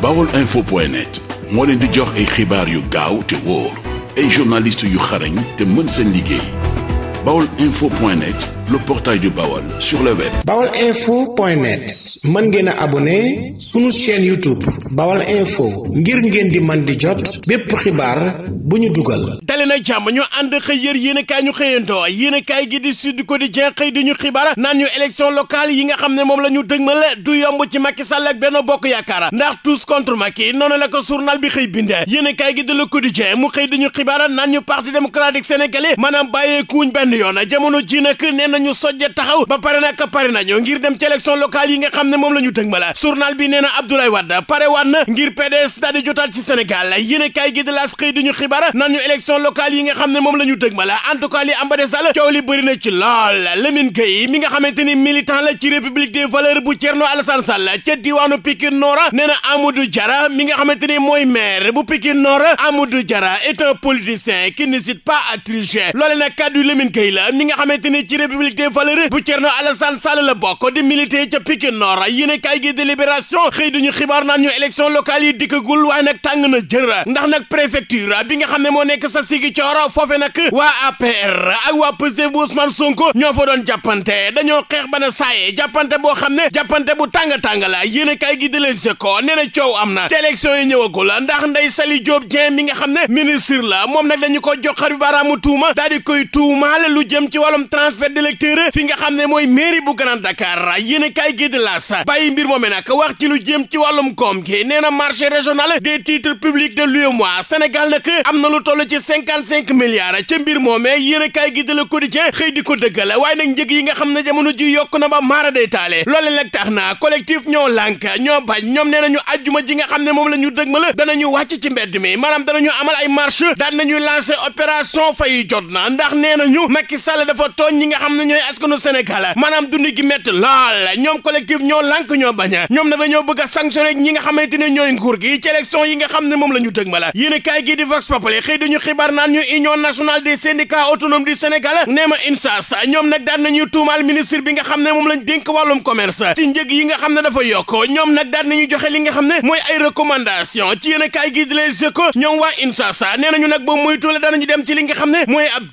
bawol info point net moo leen di jox ay xibaar yu gaaw te wóor ay journaliste yu xarañ te mën seen liggéey bawol info point net le portail du Baol sur le web. baolinfo.net mën ngeen a abonné sunu chaîne YouTube Baol Info ngir ngeen di man di jot bépp xibaar bu ñu dugal. dale na jàmm ñu ànd xëy yër yéen a kaay ñu xëyandoo yéen a kaay gi di Sud Quotidien xëy di ñu xibaar naan ñu élection locale yi nga xam ne moom la ñu dëgmal du yomb ci Macky Sall ak benn Bokk Yaakaar ndax tous contre Macky noonu la ko journal bi xëy bindee yéen a kaay gi di Le Quotidien mu xëy di ñu xibaar naan ñu parti démocratique sénégalais ñu sojje taxaw ba pare nag pare ngir dem ci élection locale yi nga xam ne moom la ñu dëgmala journal bi nee na Abdoulaye Wade pare waat na ngir PDS daal jotaat ci Sénégal yéenekaay gi de L'As xëy ñu xibaar naan ñu élection yi nga xam ne moom la ñu dëgmala en tout cas li am coow li bëri na ci lool Lamine Gueye mi nga xamante ni militant la ci République des valeurs bu Thierno Alassane Sall ca diwaanu Pikine Nord nee na Amadou Diarra mi nga ni mooy maire bu Pikine Nord Amadou Diarra est un politicien qui la mi nga xamante ni ci république des valeurs bu Thierno Alassane Sall la bokk di milité ca Pikine Nord yéen a kaay gi délibération xëy duñu xibaar naan ñu élection locale yi dikkagul waaye nag tàng na jër ndax nag préfecture bi nga xam ne moo nekk sa sigi cooro foofe nag waa APR ak waa Pastef bu Ousmane Sonko ñoo fa doon jàppante dañoo xeex ba na saaye jàppante boo xam ne jàppante bu tàng-tàng la yéen a gi di ko nee na coow am na te élection yi ñëwagul ndax la moom nag dañu ko inspecteur fi nga xam ne mooy mairie bu Grand Dakar yéen a kaay gi di laas bàyyi mbir moome nag wax ci lu jëm ci wàllum koom gi nee na marché régional des titres publics de l'UEMOA Sénégal nag am na lu toll ci cinquante cinq milliards ca mbir moome yéen a kaay gi di Le Quotidien di ko dëggal waaye nag njëg yi nga xam ne jamono ji yokk na ba maara day taale loole nag tax na collectif ñoo lànk ñoo bañ ñoom nee nañu ajjuma ji nga xam ne moom la ñu dëgmal danañu wàcc ci mbedd mi maanaam danañu amal ay marche daan nañuy lancer opération fay jot na ndax nee nañu Macky Sall dafa tooñ ñi nga xam ne ñooy askanu Sénégal maanaam dund gi métti lool ñoom collectif ñoo lànk ñoo bañ ñoom na dañoo bëgg a sanctionné ñi nga xamante ne ñooy nguur gi ci élection yi nga xam ne moom la ñu dëg ma la yéen a kaay gii ñu Union nationale des ministre bi nga xam ne moom lañ dénk wàllum commerce ci njëg yi nga xam ne dafa yokk ñoom nag daan nañu joxe li nga xam ne mooy ay recommandation ci yéen a kaay gii di Les Échos ñoom waa INSAS nee nañu nag ba muy tuule daanañu dem ci li nga xam ne mooy ab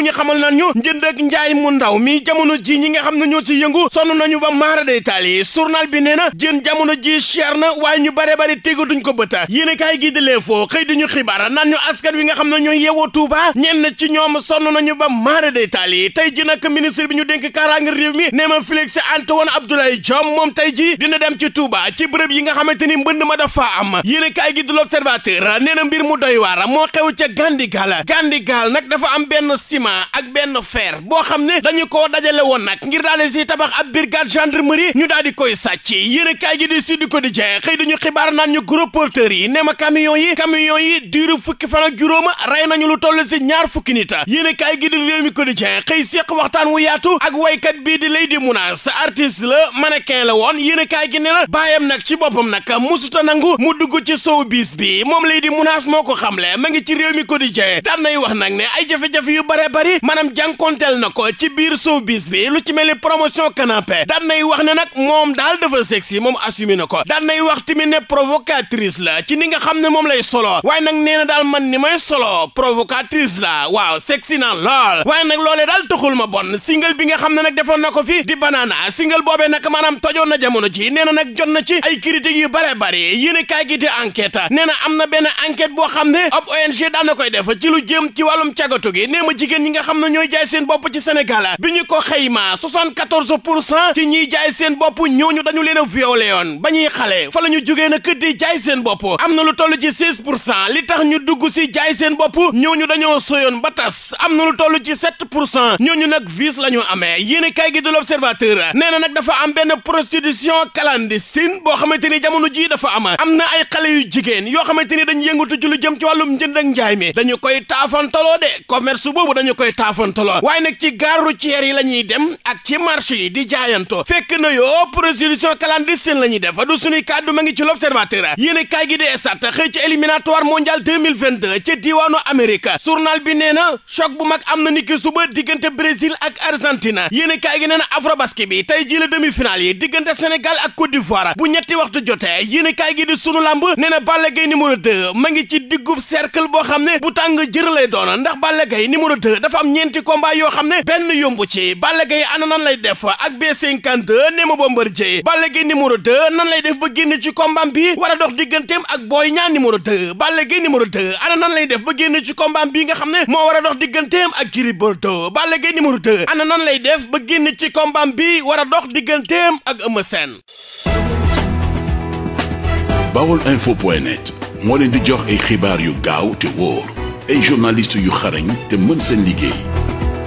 ñu xamal na naan ñu njënd njaay mu ndaw mii jamono ji ñi nga xam na ñoo ci yëngu sonn nañu ba maara day taal yi bi nee na jën jamono ji cher na waaye ñu bare bari tegatuñ ko bëta yéen kaay gi di lee foo xëy du ñu xibaar naan ñu askan wi nga xam ne ñoo yeewoo Touba ñenn ci ñoom na ñu ba maara day taal yi tey ji nag ministre bi ñu dénk kaaraange réew mi nee ma Félix Antoine Abdoulaye Diome moom tey ji dina dem ci Touba ci bërëb yi nga xamante ni mbënd ma dafa am yéen kaay gi di l'observateur nee na mbir mu doy waar moo xew ca Gandigal Gandigal nag dafa am benn ciment ak benn fer boo xam ne dañu koo dajale woon nag ngir daal di si tabax ab brigade gendarmerie ñu daal di koy sàcc yéen kaay gi di Sud Quotidien xëy dañu xibaar naan ñu gros porteurs yi ne ma camions yi camions yi diiru fukki fan ak juróom rey ñu lu toll si ñaar fukki nit yéen kaay gi di Rewmi Quotidien xëy séq waxtaan wu yaatu ak waykat bii di Lady Mounass artiste la mannequin la woon yéen kaay gi ne na baayam nag ci boppam nag musuta nangu mu dugg ci sow biis bi moom Lady Mounass moo ko xamle ma ngi ci Rewmi Quotidien daan nay wax nag ay jafe yu bare bari moom jànkonteel na ko ci biir showbiz bi lu ci mel ni promotion canapé daan nay wax ne nag moom daal dafa sexy moom assumé na ko daan nay wax tamit ne provocatrice la ci ni nga xam ne moom lay solo waaye nag nee na daal man ni may solo provocatrice la waaw sexy na lool waaye nag loolee daal taxul ma bon single bi nga xam ne nag defoon na ko fi di banana single boobee na maanaam tojoon na jamono ji nee na nag jot na ci ay critiques yu bare bare yéen kaay gi di enquête nee na am na benn enquête boo xam ne ab ONG daan na koy def ci lu jëm ci wàllum cagatu gi nee ma jigéen ñooy jaay seen bopp ci Sénégal bi ñu ko xayma 74 pour cent ci ñiy jaay seen bopp ñu dañu leen a violé ba ñuy xale fa la ñu jógee nag di jaay seen bopp am na lu toll ci 6 pour cent li tax ñu dugg si jaay seen bopp ñu dañoo soyoon ba tas am nu lu toll ci 7 pour cent ñooñu nag vice la ñu amee yéen a kaay gi de l'observateur nee na nag dafa am benn prostitution clandestine boo xamante ni jamono jii dafa am am na ay xale yu jigéen yoo xamante ni dañu yëngatu ci lu jëm ci wàllum njënd ak njaay mi dañu koy taafantaloo de commerce boobu dañu koy taafan jaayanto la waaye nag ci gare routière yi la ñuy dem ak ci marché yi di jaayanto fekk na yoo prostitution clandestine la ñuy def du suñuy kàddu ma ngi ci l'observateur yéen kaay gi dee sat xëy ci éliminatoire mondial 2022 ci diwaanu Amérique journal bi nee na choc bu mag am na niki diggante Brésil ak Argentine yéen kaay gi nee na Afrobasket bi tey jii la demi-finale diggante Sénégal ak Côte d'Ivoire bu ñetti waxtu jotee yéen kaay gi di sunu lamb nee na Balla Gaye numéro 2 ma ngi ci diggub cercle boo xam ne bu tàng jër lay doon ndax Balla Gaye numéro 2 dafa am ñeenti ñetti yoo xam ne benn yombu ci Balla Gaye ana nan lay def ak B52 ni mu Bombardier Balla Gaye numéro 2 nan lay def ba génn ci combat bi war a dox digganteem ak Boy Niang numéro 2 Balla Gaye numéro 2 ana nan lay def ba génn ci combat bi nga xam ne moo war a dox digganteem ak Gris Bordeaux Balla Gaye numéro 2 ana nan lay def ba génn ci combat bi war a dox digganteem ak Eumeu bawol info point moo leen di jox i xibaar yu gaaw te wóor ay yu xarañ